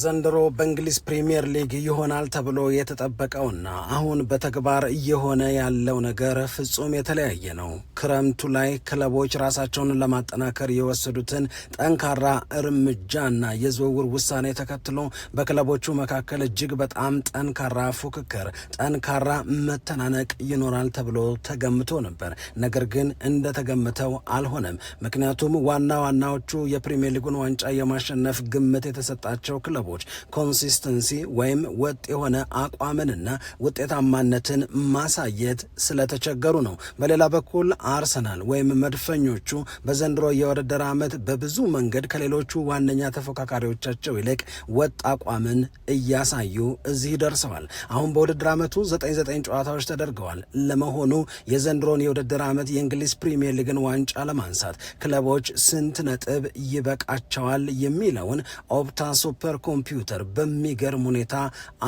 ዘንድሮ በእንግሊዝ ፕሪምየር ሊግ ይሆናል ተብሎ የተጠበቀውና አሁን በተግባር እየሆነ ያለው ነገር ፍጹም የተለያየ ነው። ክረምቱ ላይ ክለቦች ራሳቸውን ለማጠናከር የወሰዱትን ጠንካራ እርምጃና የዝውውር ውሳኔ ተከትሎ በክለቦቹ መካከል እጅግ በጣም ጠንካራ ፉክክር፣ ጠንካራ መተናነቅ ይኖራል ተብሎ ተገምቶ ነበር። ነገር ግን እንደተገመተው አልሆነም። ምክንያቱም ዋና ዋናዎቹ የፕሪምየር ሊጉን ዋንጫ የማሸነፍ ግምት የተሰጣቸው ክለቦች ክለቦች ኮንሲስተንሲ ወይም ወጥ የሆነ አቋምንና ውጤታማነትን ማሳየት ስለተቸገሩ ነው። በሌላ በኩል አርሰናል ወይም መድፈኞቹ በዘንድሮ የውድድር ዓመት በብዙ መንገድ ከሌሎቹ ዋነኛ ተፎካካሪዎቻቸው ይልቅ ወጥ አቋምን እያሳዩ እዚህ ደርሰዋል። አሁን በውድድር ዓመቱ 99 ጨዋታዎች ተደርገዋል። ለመሆኑ የዘንድሮን የውድድር ዓመት የእንግሊዝ ፕሪምየር ሊግን ዋንጫ ለማንሳት ክለቦች ስንት ነጥብ ይበቃቸዋል የሚለውን ኦፕታ ሱፐር ኮምፒውተር በሚገርም ሁኔታ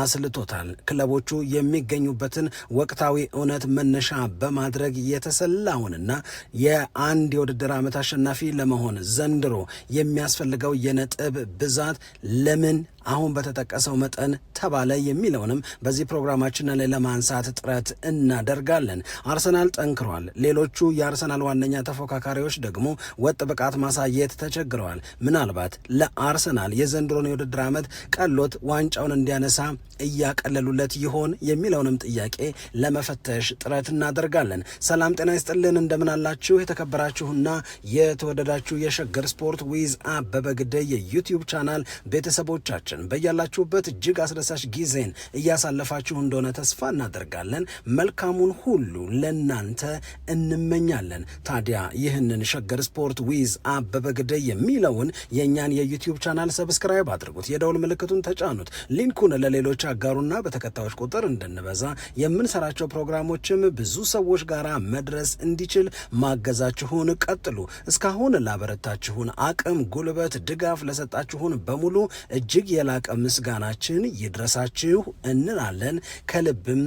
አስልቶታል። ክለቦቹ የሚገኙበትን ወቅታዊ እውነት መነሻ በማድረግ የተሰላውንና የአንድ የውድድር ዓመት አሸናፊ ለመሆን ዘንድሮ የሚያስፈልገው የነጥብ ብዛት ለምን አሁን በተጠቀሰው መጠን ተባለ የሚለውንም በዚህ ፕሮግራማችን ላይ ለማንሳት ጥረት እናደርጋለን። አርሰናል ጠንክሯል። ሌሎቹ የአርሰናል ዋነኛ ተፎካካሪዎች ደግሞ ወጥ ብቃት ማሳየት ተቸግረዋል። ምናልባት ለአርሰናል የዘንድሮን የውድድር ዓመት ቀሎት ዋንጫውን እንዲያነሳ እያቀለሉለት ይሆን የሚለውንም ጥያቄ ለመፈተሽ ጥረት እናደርጋለን። ሰላም ጤና ይስጥልን፣ እንደምናላችሁ የተከበራችሁና የተወደዳችሁ የሸገር ስፖርት ዊዝ አበበ ግደይ የዩቲዩብ ቻናል ቤተሰቦቻችን ዜናዎችን በያላችሁበት እጅግ አስደሳች ጊዜን እያሳለፋችሁ እንደሆነ ተስፋ እናደርጋለን። መልካሙን ሁሉ ለእናንተ እንመኛለን። ታዲያ ይህንን ሸገር ስፖርት ዊዝ አበበ ግደይ የሚለውን የእኛን የዩቲዩብ ቻናል ሰብስክራይብ አድርጉት፣ የደውል ምልክቱን ተጫኑት፣ ሊንኩን ለሌሎች አጋሩና በተከታዮች ቁጥር እንድንበዛ የምንሰራቸው ፕሮግራሞችም ብዙ ሰዎች ጋር መድረስ እንዲችል ማገዛችሁን ቀጥሉ። እስካሁን ላበረታችሁን አቅም፣ ጉልበት፣ ድጋፍ ለሰጣችሁን በሙሉ እጅግ የላቀ ምስጋናችን ይድረሳችሁ እንላለን ከልብም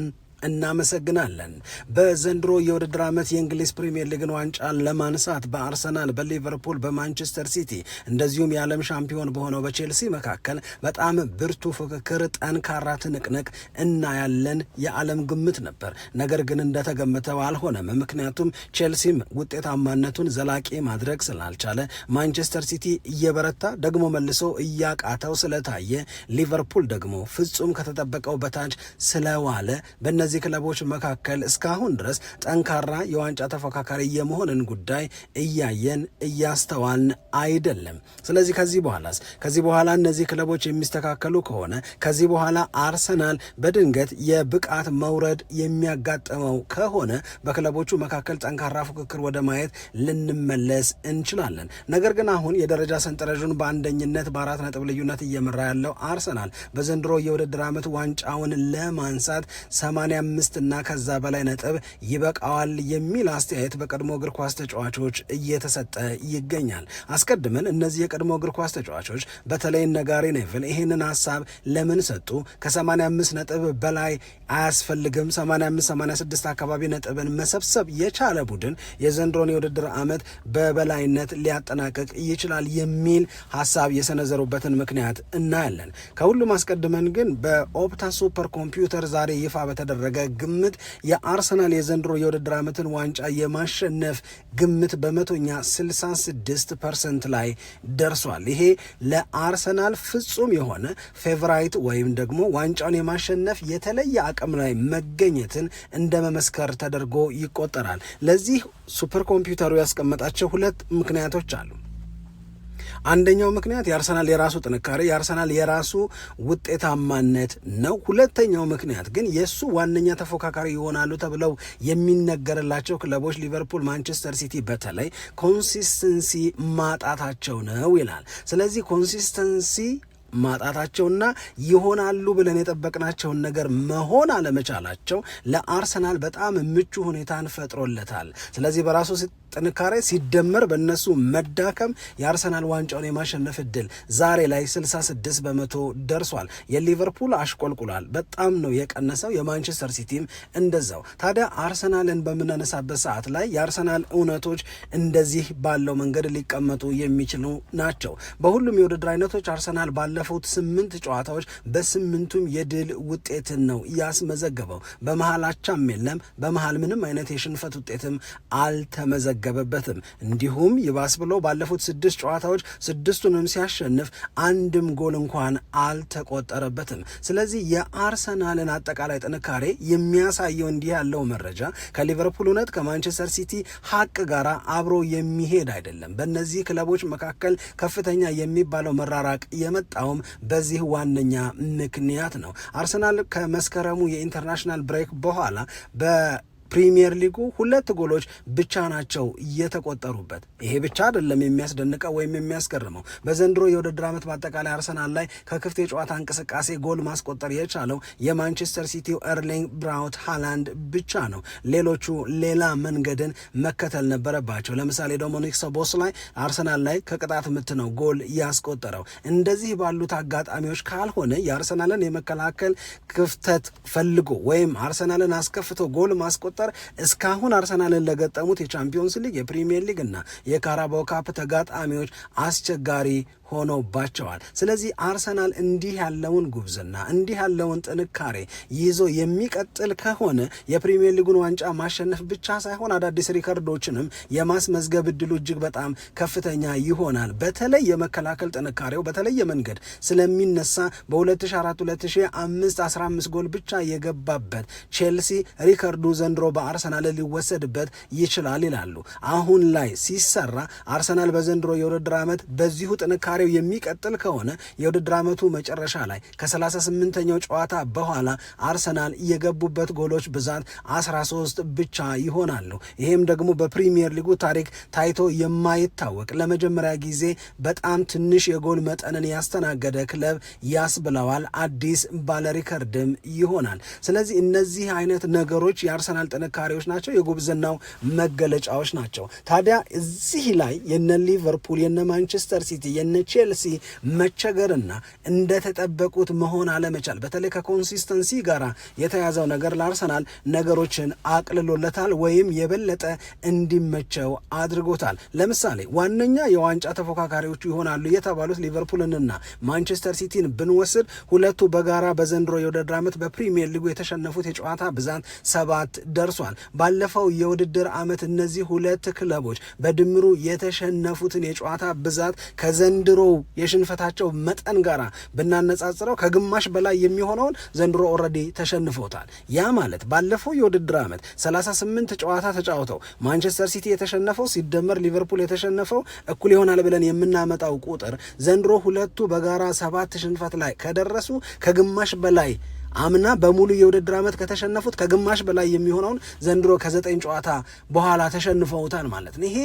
እናመሰግናለን። በዘንድሮ የውድድር ዓመት የእንግሊዝ ፕሪምየር ሊግን ዋንጫ ለማንሳት በአርሰናል፣ በሊቨርፑል፣ በማንቸስተር ሲቲ እንደዚሁም የዓለም ሻምፒዮን በሆነው በቼልሲ መካከል በጣም ብርቱ ፉክክር፣ ጠንካራ ትንቅንቅ እናያለን የዓለም ግምት ነበር። ነገር ግን እንደተገመተው አልሆነም። ምክንያቱም ቼልሲም ውጤታማነቱን ዘላቂ ማድረግ ስላልቻለ፣ ማንቸስተር ሲቲ እየበረታ ደግሞ መልሶ እያቃተው ስለታየ፣ ሊቨርፑል ደግሞ ፍጹም ከተጠበቀው በታች ስለዋለ በነ በእነዚህ ክለቦች መካከል እስካሁን ድረስ ጠንካራ የዋንጫ ተፎካካሪ የመሆንን ጉዳይ እያየን እያስተዋልን አይደለም። ስለዚህ ከዚህ በኋላስ ከዚህ በኋላ እነዚህ ክለቦች የሚስተካከሉ ከሆነ ከዚህ በኋላ አርሰናል በድንገት የብቃት መውረድ የሚያጋጥመው ከሆነ በክለቦቹ መካከል ጠንካራ ፉክክር ወደ ማየት ልንመለስ እንችላለን። ነገር ግን አሁን የደረጃ ሰንጠረዥን በአንደኝነት በአራት ነጥብ ልዩነት እየመራ ያለው አርሰናል በዘንድሮ የውድድር ዓመት ዋንጫውን ለማንሳት ሰማንያ 85 እና ከዛ በላይ ነጥብ ይበቃዋል የሚል አስተያየት በቀድሞ እግር ኳስ ተጫዋቾች እየተሰጠ ይገኛል። አስቀድመን እነዚህ የቀድሞ እግር ኳስ ተጫዋቾች በተለይ እነ ጋሪ ኔቭል ይህንን ሀሳብ ለምን ሰጡ? ከ85 ነጥብ በላይ አያስፈልግም፣ 85 86 አካባቢ ነጥብን መሰብሰብ የቻለ ቡድን የዘንድሮን የውድድር ዓመት በበላይነት ሊያጠናቅቅ ይችላል የሚል ሀሳብ የሰነዘሩበትን ምክንያት እናያለን። ከሁሉም አስቀድመን ግን በኦፕታ ሱፐር ኮምፒውተር ዛሬ ይፋ በተደረገ ያደረገ ግምት የአርሰናል የዘንድሮ የውድድር ዓመትን ዋንጫ የማሸነፍ ግምት በመቶኛ 66 ፐርሰንት ላይ ደርሷል። ይሄ ለአርሰናል ፍጹም የሆነ ፌቨራይት ወይም ደግሞ ዋንጫውን የማሸነፍ የተለየ አቅም ላይ መገኘትን እንደ መመስከር ተደርጎ ይቆጠራል። ለዚህ ሱፐር ኮምፒውተሩ ያስቀመጣቸው ሁለት ምክንያቶች አሉ። አንደኛው ምክንያት የአርሰናል የራሱ ጥንካሬ፣ የአርሰናል የራሱ ውጤታማነት ነው። ሁለተኛው ምክንያት ግን የእሱ ዋነኛ ተፎካካሪ ይሆናሉ ተብለው የሚነገርላቸው ክለቦች ሊቨርፑል፣ ማንቸስተር ሲቲ በተለይ ኮንሲስተንሲ ማጣታቸው ነው ይላል። ስለዚህ ኮንሲስተንሲ ማጣታቸውና ይሆናሉ ብለን የጠበቅናቸውን ነገር መሆን አለመቻላቸው ለአርሰናል በጣም ምቹ ሁኔታን ፈጥሮለታል። ስለዚህ በራሱ ጥንካሬ ሲደመር በእነሱ መዳከም የአርሰናል ዋንጫውን የማሸነፍ እድል ዛሬ ላይ 66 በመቶ ደርሷል። የሊቨርፑል አሽቆልቁሏል፣ በጣም ነው የቀነሰው። የማንቸስተር ሲቲም እንደዛው። ታዲያ አርሰናልን በምናነሳበት ሰዓት ላይ የአርሰናል እውነቶች እንደዚህ ባለው መንገድ ሊቀመጡ የሚችሉ ናቸው። በሁሉም የውድድር አይነቶች አርሰናል ባለፉት ስምንት ጨዋታዎች በስምንቱም የድል ውጤትን ነው ያስመዘገበው። በመሀል አቻም የለም፣ በመሀል ምንም አይነት የሽንፈት ውጤትም አልተመዘገበ አልተመዘገበበትም። እንዲሁም ይባስ ብሎ ባለፉት ስድስት ጨዋታዎች ስድስቱንም ሲያሸንፍ አንድም ጎል እንኳን አልተቆጠረበትም። ስለዚህ የአርሰናልን አጠቃላይ ጥንካሬ የሚያሳየው እንዲህ ያለው መረጃ ከሊቨርፑል እውነት ከማንቸስተር ሲቲ ሀቅ ጋር አብሮ የሚሄድ አይደለም። በእነዚህ ክለቦች መካከል ከፍተኛ የሚባለው መራራቅ የመጣውም በዚህ ዋነኛ ምክንያት ነው። አርሰናል ከመስከረሙ የኢንተርናሽናል ብሬክ በኋላ በ ፕሪሚየር ሊጉ ሁለት ጎሎች ብቻ ናቸው እየተቆጠሩበት ይሄ ብቻ አይደለም የሚያስደንቀው ወይም የሚያስገርመው። በዘንድሮ የውድድር ዓመት በአጠቃላይ አርሰናል ላይ ከክፍት የጨዋታ እንቅስቃሴ ጎል ማስቆጠር የቻለው የማንቸስተር ሲቲው ኤርሊንግ ብራውት ሃላንድ ብቻ ነው። ሌሎቹ ሌላ መንገድን መከተል ነበረባቸው። ለምሳሌ ዶሚኒክ ሶቦስላይ አርሰናል ላይ ከቅጣት ምት ነው ጎል ያስቆጠረው። እንደዚህ ባሉት አጋጣሚዎች ካልሆነ የአርሰናልን የመከላከል ክፍተት ፈልጎ ወይም አርሰናልን አስከፍቶ ጎል ማስቆጠ ሲቆጠር እስካሁን አርሰናልን ለገጠሙት የቻምፒዮንስ ሊግ የፕሪሚየር ሊግ እና የካራባው ካፕ ተጋጣሚዎች አስቸጋሪ ሆኖባቸዋል። ስለዚህ አርሰናል እንዲህ ያለውን ጉብዝና እንዲህ ያለውን ጥንካሬ ይዞ የሚቀጥል ከሆነ የፕሪሚየር ሊጉን ዋንጫ ማሸነፍ ብቻ ሳይሆን አዳዲስ ሪከርዶችንም የማስመዝገብ እድሉ እጅግ በጣም ከፍተኛ ይሆናል። በተለይ የመከላከል ጥንካሬው በተለየ መንገድ ስለሚነሳ በ2004 2005 15 ጎል ብቻ የገባበት ቼልሲ ሪከርዱ ዘንድሮ በአርሰናል ሊወሰድበት ይችላል ይላሉ። አሁን ላይ ሲሰራ አርሰናል በዘንድሮ የውድድር ዓመት በዚሁ ጥንካሬ ጭማሪው የሚቀጥል ከሆነ የውድድር አመቱ መጨረሻ ላይ ከ38ኛው ጨዋታ በኋላ አርሰናል የገቡበት ጎሎች ብዛት 13 ብቻ ይሆናሉ። ይህም ደግሞ በፕሪሚየር ሊጉ ታሪክ ታይቶ የማይታወቅ ለመጀመሪያ ጊዜ በጣም ትንሽ የጎል መጠንን ያስተናገደ ክለብ ያስ ብለዋል። አዲስ ባለሪከርድም ይሆናል። ስለዚህ እነዚህ አይነት ነገሮች የአርሰናል ጥንካሬዎች ናቸው፣ የጉብዝናው መገለጫዎች ናቸው። ታዲያ እዚህ ላይ የነ ሊቨርፑል የነ ማንቸስተር ሲቲ የነ ቼልሲ መቸገርና እንደተጠበቁት መሆን አለመቻል በተለይ ከኮንሲስተንሲ ጋር የተያዘው ነገር ለአርሰናል ነገሮችን አቅልሎለታል ወይም የበለጠ እንዲመቸው አድርጎታል። ለምሳሌ ዋነኛ የዋንጫ ተፎካካሪዎቹ ይሆናሉ የተባሉት ሊቨርፑልንና ማንቸስተር ሲቲን ብንወስድ ሁለቱ በጋራ በዘንድሮ የውድድር ዓመት በፕሪሚየር ሊጉ የተሸነፉት የጨዋታ ብዛት ሰባት ደርሷል። ባለፈው የውድድር ዓመት እነዚህ ሁለት ክለቦች በድምሩ የተሸነፉትን የጨዋታ ብዛት ከዘንድሮ ከዘንድሮ የሽንፈታቸው መጠን ጋር ብናነጻጽረው ከግማሽ በላይ የሚሆነውን ዘንድሮ ኦልሬዲ ተሸንፎታል። ያ ማለት ባለፈው የውድድር ዓመት 38 ጨዋታ ተጫውተው ማንቸስተር ሲቲ የተሸነፈው ሲደመር ሊቨርፑል የተሸነፈው እኩል ይሆናል ብለን የምናመጣው ቁጥር ዘንድሮ ሁለቱ በጋራ ሰባት ሽንፈት ላይ ከደረሱ ከግማሽ በላይ አምና በሙሉ የውድድር ዓመት ከተሸነፉት ከግማሽ በላይ የሚሆነውን ዘንድሮ ከዘጠኝ ጨዋታ በኋላ ተሸንፈውታል ማለት ነው። ይሄ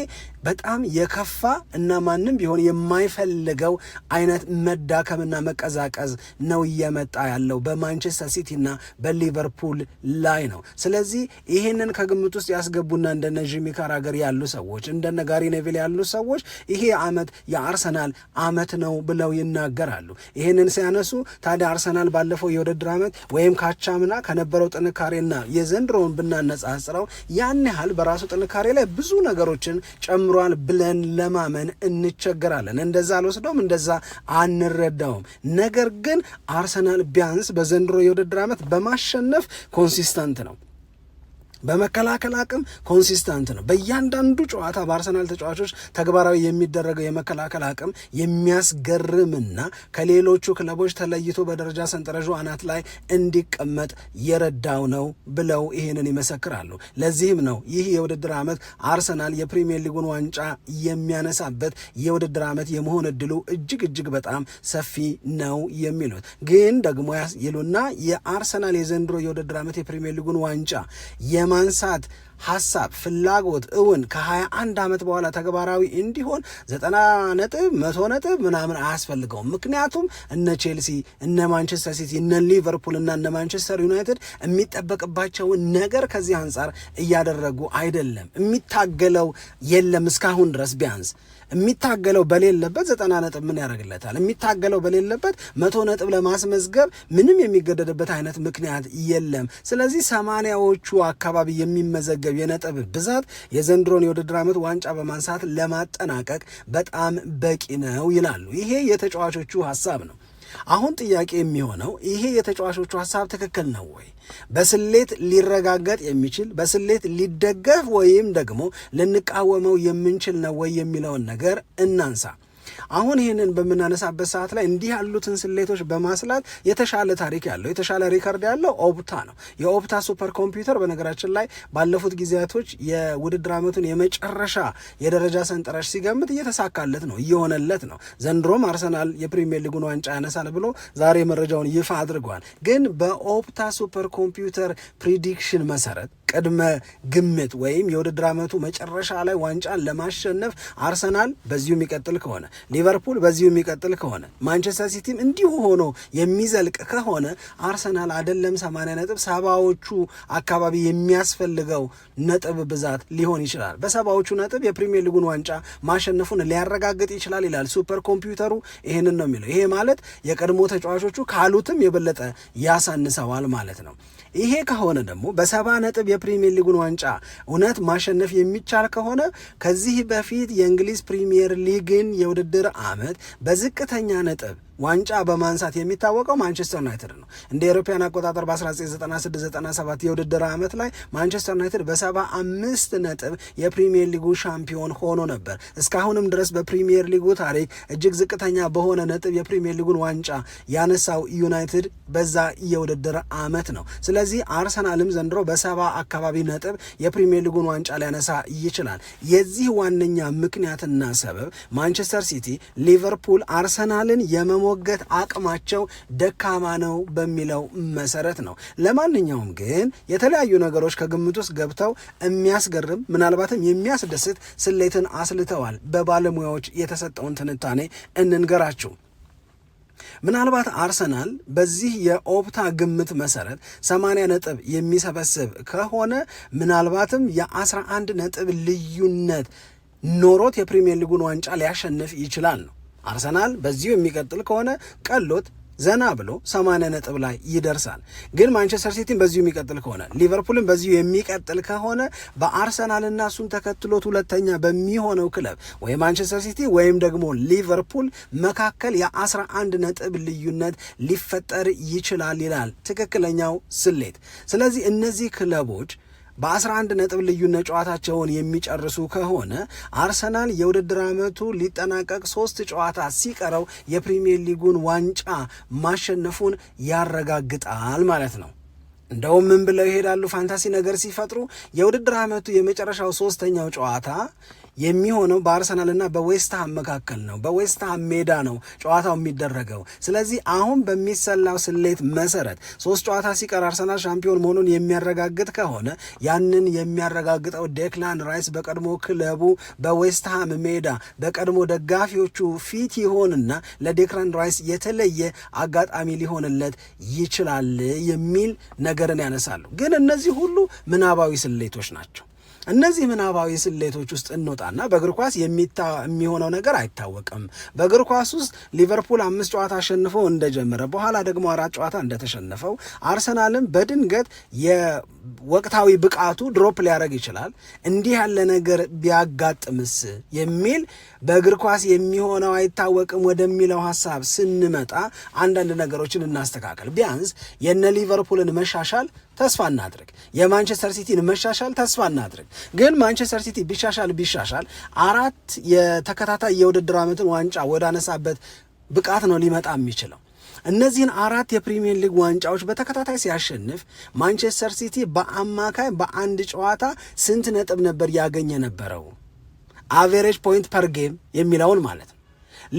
በጣም የከፋ እና ማንም ቢሆን የማይፈልገው አይነት መዳከምና መቀዛቀዝ ነው እየመጣ ያለው በማንቸስተር ሲቲና በሊቨርፑል ላይ ነው። ስለዚህ ይህንን ከግምት ውስጥ ያስገቡና እንደነ ጂሚ ካራገር ያሉ ሰዎች እንደነ ጋሪ ኔቪል ያሉ ሰዎች ይሄ ዓመት የአርሰናል ዓመት ነው ብለው ይናገራሉ። ይህንን ሲያነሱ ታዲያ አርሰናል ባለፈው የውድድር ዓመት ወይም ካቻምና ከነበረው ጥንካሬና የዘንድሮውን ብናነጻጽረው ያን ያህል በራሱ ጥንካሬ ላይ ብዙ ነገሮችን ጨምሯል ብለን ለማመን እንቸገራለን። እንደዛ አልወስደውም፣ እንደዛ አንረዳውም። ነገር ግን አርሰናል ቢያንስ በዘንድሮ የውድድር ዓመት በማሸነፍ ኮንሲስተንት ነው። በመከላከል አቅም ኮንሲስተንት ነው። በእያንዳንዱ ጨዋታ በአርሰናል ተጫዋቾች ተግባራዊ የሚደረገው የመከላከል አቅም የሚያስገርምና ከሌሎቹ ክለቦች ተለይቶ በደረጃ ሰንጠረዡ አናት ላይ እንዲቀመጥ የረዳው ነው ብለው ይህንን ይመሰክራሉ። ለዚህም ነው ይህ የውድድር ዓመት አርሰናል የፕሪሚየር ሊጉን ዋንጫ የሚያነሳበት የውድድር ዓመት የመሆን እድሉ እጅግ እጅግ በጣም ሰፊ ነው የሚሉት። ግን ደግሞ ይሉና የአርሰናል የዘንድሮ የውድድር ዓመት የፕሪሚየር ሊጉን ዋንጫ የማንሳት ሀሳብ ፍላጎት እውን ከ21 ዓመት በኋላ ተግባራዊ እንዲሆን ዘጠና ነጥብ መቶ ነጥብ ምናምን አያስፈልገውም። ምክንያቱም እነ ቼልሲ፣ እነ ማንቸስተር ሲቲ፣ እነ ሊቨርፑል እና እነ ማንቸስተር ዩናይትድ የሚጠበቅባቸውን ነገር ከዚህ አንጻር እያደረጉ አይደለም። የሚታገለው የለም እስካሁን ድረስ ቢያንስ የሚታገለው በሌለበት ዘጠና ነጥብ ምን ያደርግለታል? የሚታገለው በሌለበት መቶ ነጥብ ለማስመዝገብ ምንም የሚገደድበት አይነት ምክንያት የለም። ስለዚህ ሰማንያዎቹ አካባቢ የሚመዘገብ የነጥብ ብዛት የዘንድሮን የውድድር ዓመት ዋንጫ በማንሳት ለማጠናቀቅ በጣም በቂ ነው ይላሉ። ይሄ የተጫዋቾቹ ሀሳብ ነው። አሁን ጥያቄ የሚሆነው ይሄ የተጫዋቾቹ ሀሳብ ትክክል ነው ወይ? በስሌት ሊረጋገጥ የሚችል በስሌት ሊደገፍ ወይም ደግሞ ልንቃወመው የምንችል ነው ወይ የሚለውን ነገር እናንሳ። አሁን ይህንን በምናነሳበት ሰዓት ላይ እንዲህ ያሉትን ስሌቶች በማስላት የተሻለ ታሪክ ያለው የተሻለ ሪከርድ ያለው ኦፕታ ነው። የኦፕታ ሱፐር ኮምፒውተር በነገራችን ላይ ባለፉት ጊዜያቶች የውድድር ዓመቱን የመጨረሻ የደረጃ ሰንጠረዥ ሲገምት እየተሳካለት ነው፣ እየሆነለት ነው። ዘንድሮም አርሰናል የፕሪሚየር ሊጉን ዋንጫ ያነሳል ብሎ ዛሬ መረጃውን ይፋ አድርጓል። ግን በኦፕታ ሱፐር ኮምፒውተር ፕሪዲክሽን መሰረት ቅድመ ግምት ወይም የውድድር ዓመቱ መጨረሻ ላይ ዋንጫን ለማሸነፍ አርሰናል በዚሁ የሚቀጥል ከሆነ ሊቨርፑል በዚሁ የሚቀጥል ከሆነ ማንቸስተር ሲቲም እንዲሁ ሆኖ የሚዘልቅ ከሆነ አርሰናል አደለም ሰማንያ ነጥብ ሰባዎቹ አካባቢ የሚያስፈልገው ነጥብ ብዛት ሊሆን ይችላል። በሰባዎቹ ነጥብ የፕሪሚየር ሊጉን ዋንጫ ማሸነፉን ሊያረጋግጥ ይችላል ይላል ሱፐር ኮምፒውተሩ። ይህንን ነው የሚለው። ይሄ ማለት የቀድሞ ተጫዋቾቹ ካሉትም የበለጠ ያሳንሰዋል ማለት ነው። ይሄ ከሆነ ደግሞ በሰባ ነጥብ የፕሪሚየር ሊጉን ዋንጫ እውነት ማሸነፍ የሚቻል ከሆነ ከዚህ በፊት የእንግሊዝ ፕሪሚየር ሊግን የውድድር አመት በዝቅተኛ ነጥብ ዋንጫ በማንሳት የሚታወቀው ማንቸስተር ዩናይትድ ነው። እንደ ኤሮፓያን አቆጣጠር በ1996/97 የውድድር ዓመት ላይ ማንቸስተር ዩናይትድ በ75 ነጥብ የፕሪሚየር ሊጉ ሻምፒዮን ሆኖ ነበር። እስካሁንም ድረስ በፕሪሚየር ሊጉ ታሪክ እጅግ ዝቅተኛ በሆነ ነጥብ የፕሪሚየር ሊጉን ዋንጫ ያነሳው ዩናይትድ በዛ የውድድር ዓመት ነው። ስለዚህ አርሰናልም ዘንድሮ በሰባ አካባቢ ነጥብ የፕሪሚየር ሊጉን ዋንጫ ሊያነሳ ይችላል። የዚህ ዋነኛ ምክንያትና ሰበብ ማንቸስተር ሲቲ፣ ሊቨርፑል አርሰናልን የመ የመሞገት አቅማቸው ደካማ ነው በሚለው መሰረት ነው። ለማንኛውም ግን የተለያዩ ነገሮች ከግምት ውስጥ ገብተው የሚያስገርም ምናልባትም የሚያስደስት ስሌትን አስልተዋል። በባለሙያዎች የተሰጠውን ትንታኔ እንንገራችሁ። ምናልባት አርሰናል በዚህ የኦፕታ ግምት መሰረት 80 ነጥብ የሚሰበስብ ከሆነ ምናልባትም የ11 ነጥብ ልዩነት ኖሮት የፕሪሚየር ሊጉን ዋንጫ ሊያሸንፍ ይችላል ነው አርሰናል በዚሁ የሚቀጥል ከሆነ ቀሎት ዘና ብሎ ሰማንያ ነጥብ ላይ ይደርሳል። ግን ማንቸስተር ሲቲን በዚሁ የሚቀጥል ከሆነ ሊቨርፑልን በዚሁ የሚቀጥል ከሆነ በአርሰናልና እሱን ተከትሎት ሁለተኛ በሚሆነው ክለብ ወይ ማንቸስተር ሲቲ ወይም ደግሞ ሊቨርፑል መካከል የ11 ነጥብ ልዩነት ሊፈጠር ይችላል ይላል ትክክለኛው ስሌት። ስለዚህ እነዚህ ክለቦች በ11 ነጥብ ልዩነት ጨዋታቸውን የሚጨርሱ ከሆነ አርሰናል የውድድር ዓመቱ ሊጠናቀቅ ሶስት ጨዋታ ሲቀረው የፕሪምየር ሊጉን ዋንጫ ማሸነፉን ያረጋግጣል ማለት ነው። እንደውም ምን ብለው ይሄዳሉ? ፋንታሲ ነገር ሲፈጥሩ የውድድር ዓመቱ የመጨረሻው ሶስተኛው ጨዋታ የሚሆነው በአርሰናልና በዌስትሃም መካከል ነው። በዌስትሃም ሜዳ ነው ጨዋታው የሚደረገው። ስለዚህ አሁን በሚሰላው ስሌት መሰረት ሶስት ጨዋታ ሲቀር አርሰናል ሻምፒዮን መሆኑን የሚያረጋግጥ ከሆነ ያንን የሚያረጋግጠው ዴክላን ራይስ በቀድሞ ክለቡ በዌስትሃም ሜዳ በቀድሞ ደጋፊዎቹ ፊት ይሆንና ለዴክላን ራይስ የተለየ አጋጣሚ ሊሆንለት ይችላል የሚል ነገርን ያነሳሉ። ግን እነዚህ ሁሉ ምናባዊ ስሌቶች ናቸው። እነዚህ ምናባዊ ስሌቶች ውስጥ እንወጣና በእግር ኳስ የሚሆነው ነገር አይታወቅም። በእግር ኳስ ውስጥ ሊቨርፑል አምስት ጨዋታ አሸንፎ እንደጀመረ በኋላ ደግሞ አራት ጨዋታ እንደተሸነፈው አርሰናልም በድንገት ወቅታዊ ብቃቱ ድሮፕ ሊያደርግ ይችላል። እንዲህ ያለ ነገር ቢያጋጥምስ የሚል በእግር ኳስ የሚሆነው አይታወቅም ወደሚለው ሀሳብ ስንመጣ አንዳንድ ነገሮችን እናስተካከል። ቢያንስ የነ ሊቨርፑልን መሻሻል ተስፋ እናድርግ፣ የማንቸስተር ሲቲን መሻሻል ተስፋ እናድርግ። ግን ማንቸስተር ሲቲ ቢሻሻል ቢሻሻል አራት የተከታታይ የውድድር ዓመትን ዋንጫ ወዳነሳበት ብቃት ነው ሊመጣ የሚችለው እነዚህን አራት የፕሪሚየር ሊግ ዋንጫዎች በተከታታይ ሲያሸንፍ ማንቸስተር ሲቲ በአማካይ በአንድ ጨዋታ ስንት ነጥብ ነበር ያገኘ ነበረው? አቬሬጅ ፖይንት ፐር ጌም የሚለውን ማለት ነው።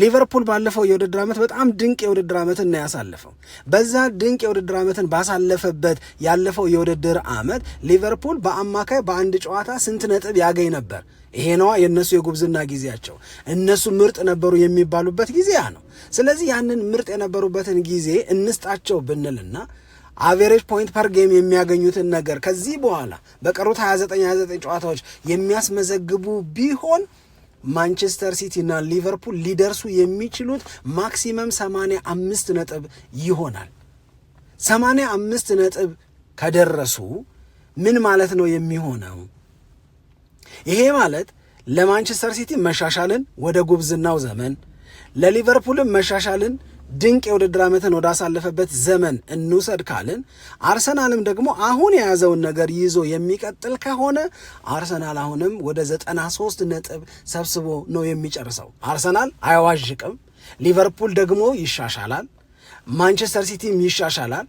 ሊቨርፑል ባለፈው የውድድር ዓመት በጣም ድንቅ የውድድር ዓመትን ነው ያሳለፈው። በዛ ድንቅ የውድድር ዓመትን ባሳለፈበት ያለፈው የውድድር ዓመት ሊቨርፑል በአማካይ በአንድ ጨዋታ ስንት ነጥብ ያገኝ ነበር? ይሄ ነዋ የእነሱ የጉብዝና ጊዜያቸው። እነሱ ምርጥ ነበሩ የሚባሉበት ጊዜ ያ ነው። ስለዚህ ያንን ምርጥ የነበሩበትን ጊዜ እንስጣቸው ብንልና አቬሬጅ ፖይንት ፐር ጌም የሚያገኙትን ነገር ከዚህ በኋላ በቀሩት 29 29 ጨዋታዎች የሚያስመዘግቡ ቢሆን ማንቸስተር ሲቲ እና ሊቨርፑል ሊደርሱ የሚችሉት ማክሲመም 85 ነጥብ ይሆናል። 85 ነጥብ ከደረሱ ምን ማለት ነው የሚሆነው? ይሄ ማለት ለማንቸስተር ሲቲ መሻሻልን ወደ ጉብዝናው ዘመን ለሊቨርፑልም መሻሻልን ድንቅ የውድድር ዓመትን ወዳሳለፈበት ዘመን እንውሰድ ካልን አርሰናልም ደግሞ አሁን የያዘውን ነገር ይዞ የሚቀጥል ከሆነ አርሰናል አሁንም ወደ 93 ነጥብ ሰብስቦ ነው የሚጨርሰው። አርሰናል አይዋዥቅም። ሊቨርፑል ደግሞ ይሻሻላል፣ ማንቸስተር ሲቲም ይሻሻላል።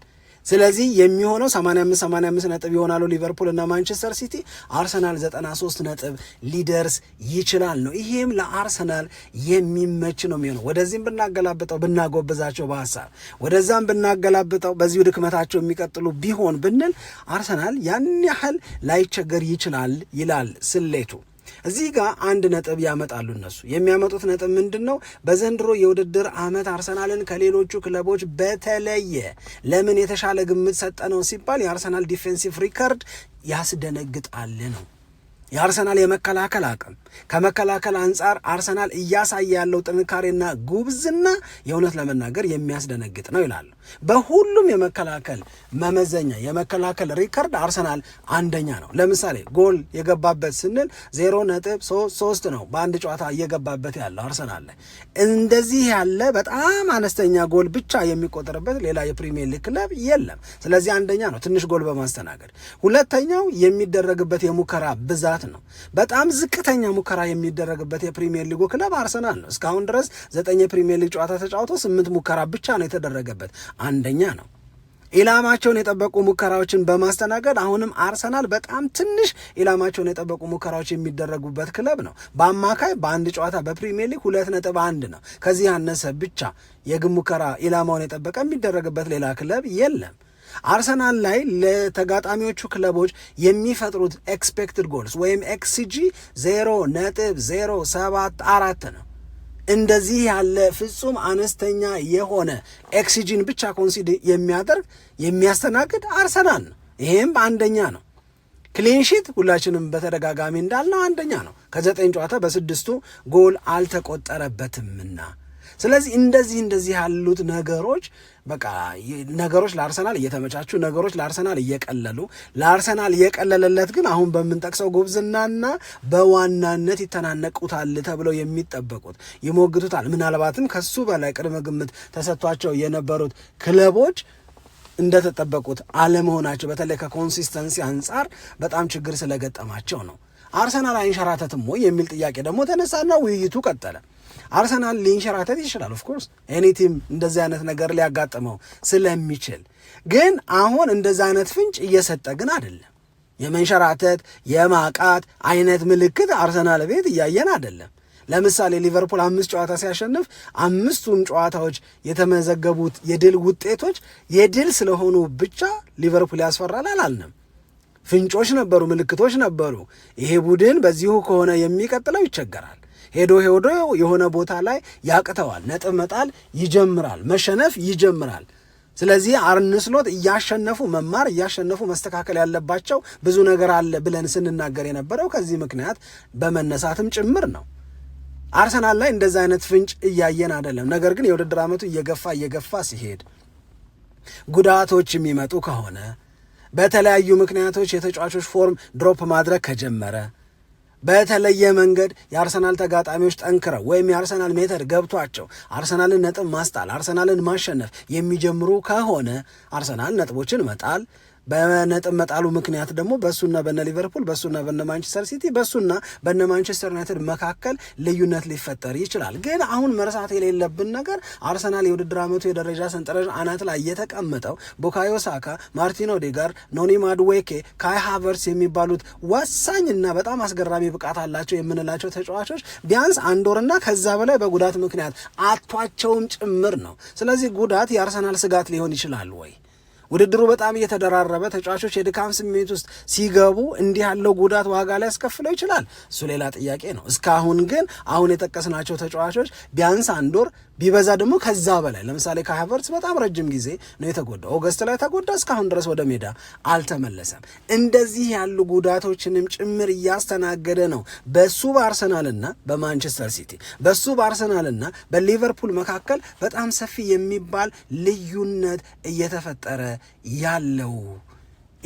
ስለዚህ የሚሆነው 85 85 ነጥብ ይሆናሉ ሊቨርፑል እና ማንቸስተር ሲቲ፣ አርሰናል 93 ነጥብ ሊደርስ ይችላል ነው። ይሄም ለአርሰናል የሚመች ነው የሚሆነው። ወደዚህም ብናገላብጠው ብናጎብዛቸው፣ በሀሳብ ወደዛም ብናገላብጠው በዚሁ ድክመታቸው የሚቀጥሉ ቢሆን ብንል አርሰናል ያን ያህል ላይቸገር ይችላል ይላል ስሌቱ። እዚህ ጋር አንድ ነጥብ ያመጣሉ። እነሱ የሚያመጡት ነጥብ ምንድን ነው? በዘንድሮ የውድድር ዓመት አርሰናልን ከሌሎቹ ክለቦች በተለየ ለምን የተሻለ ግምት ሰጠነው ሲባል የአርሰናል ዲፌንሲቭ ሪከርድ ያስደነግጣል ነው የአርሰናል የመከላከል አቅም ከመከላከል አንጻር አርሰናል እያሳየ ያለው ጥንካሬና ጉብዝና የእውነት ለመናገር የሚያስደነግጥ ነው ይላሉ። በሁሉም የመከላከል መመዘኛ የመከላከል ሪከርድ አርሰናል አንደኛ ነው። ለምሳሌ ጎል የገባበት ስንል ዜሮ ነጥብ ሶስት ነው በአንድ ጨዋታ እየገባበት ያለው አርሰናል። እንደዚህ ያለ በጣም አነስተኛ ጎል ብቻ የሚቆጠርበት ሌላ የፕሪሚየር ሊግ ክለብ የለም። ስለዚህ አንደኛ ነው ትንሽ ጎል በማስተናገድ ሁለተኛው የሚደረግበት የሙከራ ብዛት ማለት ነው። በጣም ዝቅተኛ ሙከራ የሚደረግበት የፕሪሚየር ሊጉ ክለብ አርሰናል ነው። እስካሁን ድረስ ዘጠኝ የፕሪሚየር ሊግ ጨዋታ ተጫውቶ ስምንት ሙከራ ብቻ ነው የተደረገበት፣ አንደኛ ነው። ኢላማቸውን የጠበቁ ሙከራዎችን በማስተናገድ አሁንም አርሰናል በጣም ትንሽ ኢላማቸውን የጠበቁ ሙከራዎች የሚደረጉበት ክለብ ነው። በአማካይ በአንድ ጨዋታ በፕሪሚየር ሊግ ሁለት ነጥብ አንድ ነው። ከዚህ ያነሰ ብቻ የግብ ሙከራ ኢላማውን የጠበቀ የሚደረግበት ሌላ ክለብ የለም። አርሰናል ላይ ለተጋጣሚዎቹ ክለቦች የሚፈጥሩት ኤክስፔክትድ ጎልስ ወይም ኤክስጂ ዜሮ ነጥብ ዜሮ ሰባት አራት ነው። እንደዚህ ያለ ፍጹም አነስተኛ የሆነ ኤክስጂን ብቻ ኮንሲድ የሚያደርግ የሚያስተናግድ አርሰናል ነው። ይሄም አንደኛ ነው። ክሊንሺት ሁላችንም በተደጋጋሚ እንዳልነው አንደኛ ነው። ከዘጠኝ ጨዋታ በስድስቱ ጎል አልተቆጠረበትምና ስለዚህ እንደዚህ እንደዚህ ያሉት ነገሮች በቃ ነገሮች ለአርሰናል እየተመቻቹ ነገሮች ለአርሰናል እየቀለሉ ለአርሰናል እየቀለለለት ግን አሁን በምንጠቅሰው ጉብዝናና በዋናነት ይተናነቁታል ተብለው የሚጠበቁት ይሞግቱታል። ምናልባትም ከሱ በላይ ቅድመ ግምት ተሰጥቷቸው የነበሩት ክለቦች እንደተጠበቁት አለመሆናቸው በተለይ ከኮንሲስተንሲ አንጻር በጣም ችግር ስለገጠማቸው ነው። አርሰናል አይንሸራተትም ወይ የሚል ጥያቄ ደግሞ ተነሳና ውይይቱ ቀጠለ። አርሰናል ሊንሸራተት ይችላል። ኦፍኮርስ ኤኒቲም እንደዚህ አይነት ነገር ሊያጋጥመው ስለሚችል ግን አሁን እንደዚ አይነት ፍንጭ እየሰጠ ግን አይደለም። የመንሸራተት የማቃት አይነት ምልክት አርሰናል ቤት እያየን አይደለም። ለምሳሌ ሊቨርፑል አምስት ጨዋታ ሲያሸንፍ አምስቱም ጨዋታዎች የተመዘገቡት የድል ውጤቶች የድል ስለሆኑ ብቻ ሊቨርፑል ያስፈራል አላልንም። ፍንጮች ነበሩ፣ ምልክቶች ነበሩ። ይሄ ቡድን በዚሁ ከሆነ የሚቀጥለው ይቸገራል ሄዶ ሄዶ የሆነ ቦታ ላይ ያቅተዋል፣ ነጥብ መጣል ይጀምራል፣ መሸነፍ ይጀምራል። ስለዚህ አርነ ስሎት እያሸነፉ መማር እያሸነፉ መስተካከል ያለባቸው ብዙ ነገር አለ ብለን ስንናገር የነበረው ከዚህ ምክንያት በመነሳትም ጭምር ነው። አርሰናል ላይ እንደዚ አይነት ፍንጭ እያየን አይደለም። ነገር ግን የውድድር ዓመቱ እየገፋ እየገፋ ሲሄድ ጉዳቶች የሚመጡ ከሆነ በተለያዩ ምክንያቶች የተጫዋቾች ፎርም ድሮፕ ማድረግ ከጀመረ በተለየ መንገድ የአርሰናል ተጋጣሚዎች ጠንክረው ወይም የአርሰናል ሜተር ገብቷቸው አርሰናልን ነጥብ ማስጣል፣ አርሰናልን ማሸነፍ የሚጀምሩ ከሆነ አርሰናል ነጥቦችን መጣል በነጥብ መጣሉ ምክንያት ደግሞ በእሱና በነ ሊቨርፑል በእሱና በነ ማንቸስተር ሲቲ በእሱና በነ ማንቸስተር ዩናይትድ መካከል ልዩነት ሊፈጠር ይችላል። ግን አሁን መርሳት የሌለብን ነገር አርሰናል የውድድር ዓመቱ የደረጃ ሰንጠረዥ አናት ላይ የተቀመጠው ቡካዮ ሳካ፣ ማርቲን ኦዴጋርድ፣ ኖኒ ማድዌኬ፣ ካይ ሃቨርስ የሚባሉት ወሳኝና በጣም አስገራሚ ብቃት አላቸው የምንላቸው ተጫዋቾች ቢያንስ አንድ ወርና ከዛ በላይ በጉዳት ምክንያት አቷቸውም ጭምር ነው። ስለዚህ ጉዳት የአርሰናል ስጋት ሊሆን ይችላል ወይ? ውድድሩ በጣም እየተደራረበ ተጫዋቾች የድካም ስሜት ውስጥ ሲገቡ እንዲህ ያለው ጉዳት ዋጋ ሊያስከፍለው ይችላል። እሱ ሌላ ጥያቄ ነው። እስካሁን ግን አሁን የጠቀስናቸው ተጫዋቾች ቢያንስ አንድ ወር ቢበዛ ደግሞ ከዛ በላይ ለምሳሌ ከሀቨርት በጣም ረጅም ጊዜ ነው የተጎዳው። ኦገስት ላይ ተጎዳ፣ እስካሁን ድረስ ወደ ሜዳ አልተመለሰም። እንደዚህ ያሉ ጉዳቶችንም ጭምር እያስተናገደ ነው። በሱ በአርሰናልና በማንቸስተር ሲቲ በሱ በአርሰናልና በሊቨርፑል መካከል በጣም ሰፊ የሚባል ልዩነት እየተፈጠረ ያለው።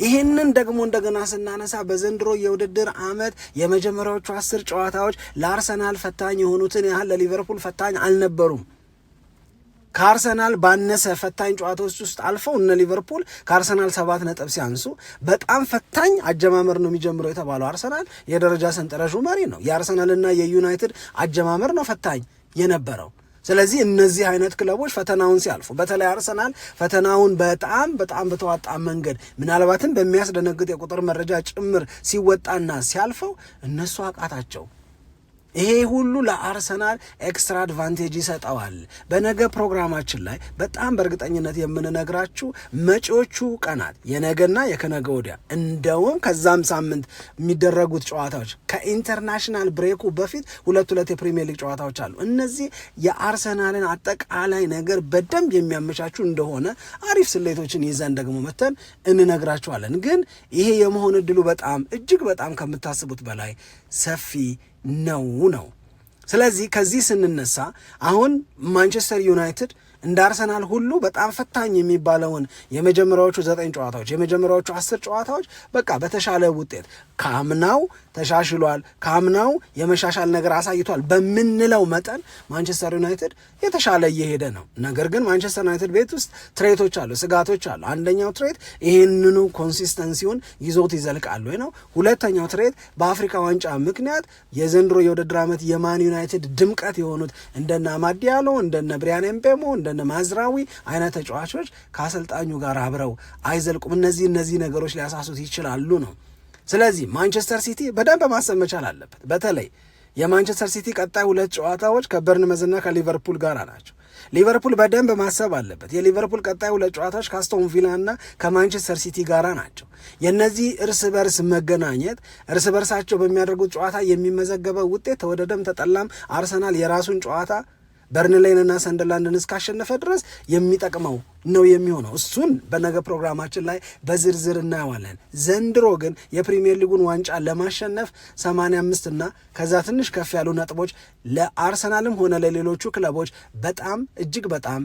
ይህንን ደግሞ እንደገና ስናነሳ በዘንድሮ የውድድር ዓመት የመጀመሪያዎቹ አስር ጨዋታዎች ለአርሰናል ፈታኝ የሆኑትን ያህል ለሊቨርፑል ፈታኝ አልነበሩም። ከአርሰናል ባነሰ ፈታኝ ጨዋታዎች ውስጥ አልፈው እነ ሊቨርፑል ከአርሰናል ሰባት ነጥብ ሲያንሱ በጣም ፈታኝ አጀማመር ነው የሚጀምረው የተባለው አርሰናል የደረጃ ሰንጠረዡ መሪ ነው። የአርሰናልና የዩናይትድ አጀማመር ነው ፈታኝ የነበረው። ስለዚህ እነዚህ አይነት ክለቦች ፈተናውን ሲያልፉ በተለይ አርሰናል ፈተናውን በጣም በጣም በተዋጣ መንገድ ምናልባትም በሚያስደነግጥ የቁጥር መረጃ ጭምር ሲወጣና ሲያልፈው እነሱ አቃታቸው። ይሄ ሁሉ ለአርሰናል ኤክስትራ አድቫንቴጅ ይሰጠዋል። በነገ ፕሮግራማችን ላይ በጣም በእርግጠኝነት የምንነግራችሁ መጪዎቹ ቀናት የነገና የከነገ ወዲያ እንደውም ከዛም ሳምንት የሚደረጉት ጨዋታዎች ከኢንተርናሽናል ብሬኩ በፊት ሁለት ሁለት የፕሪሚየር ሊግ ጨዋታዎች አሉ። እነዚህ የአርሰናልን አጠቃላይ ነገር በደንብ የሚያመቻቹ እንደሆነ አሪፍ ስሌቶችን ይዘን ደግሞ መተን እንነግራችኋለን። ግን ይሄ የመሆን እድሉ በጣም እጅግ በጣም ከምታስቡት በላይ ሰፊ ነው ነው። ስለዚህ ከዚህ ስንነሳ አሁን ማንቸስተር ዩናይትድ እንደ አርሰናል ሁሉ በጣም ፈታኝ የሚባለውን የመጀመሪያዎቹ ዘጠኝ ጨዋታዎች የመጀመሪያዎቹ አስር ጨዋታዎች በቃ በተሻለ ውጤት ከአምናው ተሻሽሏል፣ ከአምናው የመሻሻል ነገር አሳይቷል በምንለው መጠን ማንቸስተር ዩናይትድ የተሻለ እየሄደ ነው። ነገር ግን ማንቸስተር ዩናይትድ ቤት ውስጥ ትሬቶች አሉ፣ ስጋቶች አሉ። አንደኛው ትሬት ይህንኑ ኮንሲስተንሲውን ይዞት ይዘልቃሉ ነው። ሁለተኛው ትሬት በአፍሪካ ዋንጫ ምክንያት የዘንድሮ የውድድር ዓመት የማን ዩናይትድ ድምቀት የሆኑት እንደነ አማድ እንደነ ብሪያን ኤምቤሞ፣ እንደነ ማዝራዊ አይነት ተጫዋቾች ከአሰልጣኙ ጋር አብረው አይዘልቁም። እነዚህ እነዚህ ነገሮች ሊያሳሱት ይችላሉ ነው ስለዚህ ማንቸስተር ሲቲ በደንብ ማሰብ መቻል አለበት። በተለይ የማንቸስተር ሲቲ ቀጣይ ሁለት ጨዋታዎች ከበርንመዝና ከሊቨርፑል ጋር ናቸው። ሊቨርፑል በደንብ ማሰብ አለበት። የሊቨርፑል ቀጣይ ሁለት ጨዋታዎች ከአስቶን ቪላና ከማንቸስተር ሲቲ ጋራ ናቸው። የእነዚህ እርስ በርስ መገናኘት እርስ በርሳቸው በሚያደርጉት ጨዋታ የሚመዘገበው ውጤት ተወደደም ተጠላም አርሰናል የራሱን ጨዋታ በርንሌንና ሰንደርላንድን እስካሸነፈ ድረስ የሚጠቅመው ነው የሚሆነው። እሱን በነገ ፕሮግራማችን ላይ በዝርዝር እናየዋለን። ዘንድሮ ግን የፕሪሚየር ሊጉን ዋንጫ ለማሸነፍ 85 እና ከዛ ትንሽ ከፍ ያሉ ነጥቦች ለአርሰናልም ሆነ ለሌሎቹ ክለቦች በጣም እጅግ በጣም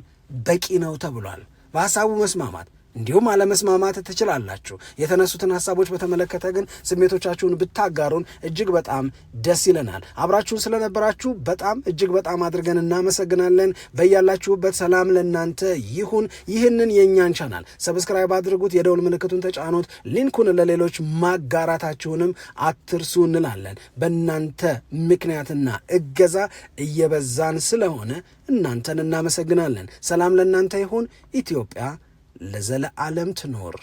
በቂ ነው ተብሏል። በሀሳቡ መስማማት እንዲሁም አለመስማማት ትችላላችሁ። የተነሱትን ሀሳቦች በተመለከተ ግን ስሜቶቻችሁን ብታጋሩን እጅግ በጣም ደስ ይለናል። አብራችሁን ስለነበራችሁ በጣም እጅግ በጣም አድርገን እናመሰግናለን። በያላችሁበት ሰላም ለእናንተ ይሁን። ይህንን የእኛን ቻናል ሰብስክራይብ አድርጉት፣ የደውል ምልክቱን ተጫኑት፣ ሊንኩን ለሌሎች ማጋራታችሁንም አትርሱ እንላለን። በእናንተ ምክንያትና እገዛ እየበዛን ስለሆነ እናንተን እናመሰግናለን። ሰላም ለእናንተ ይሁን። ኢትዮጵያ ለዘለዓለም ትኖር።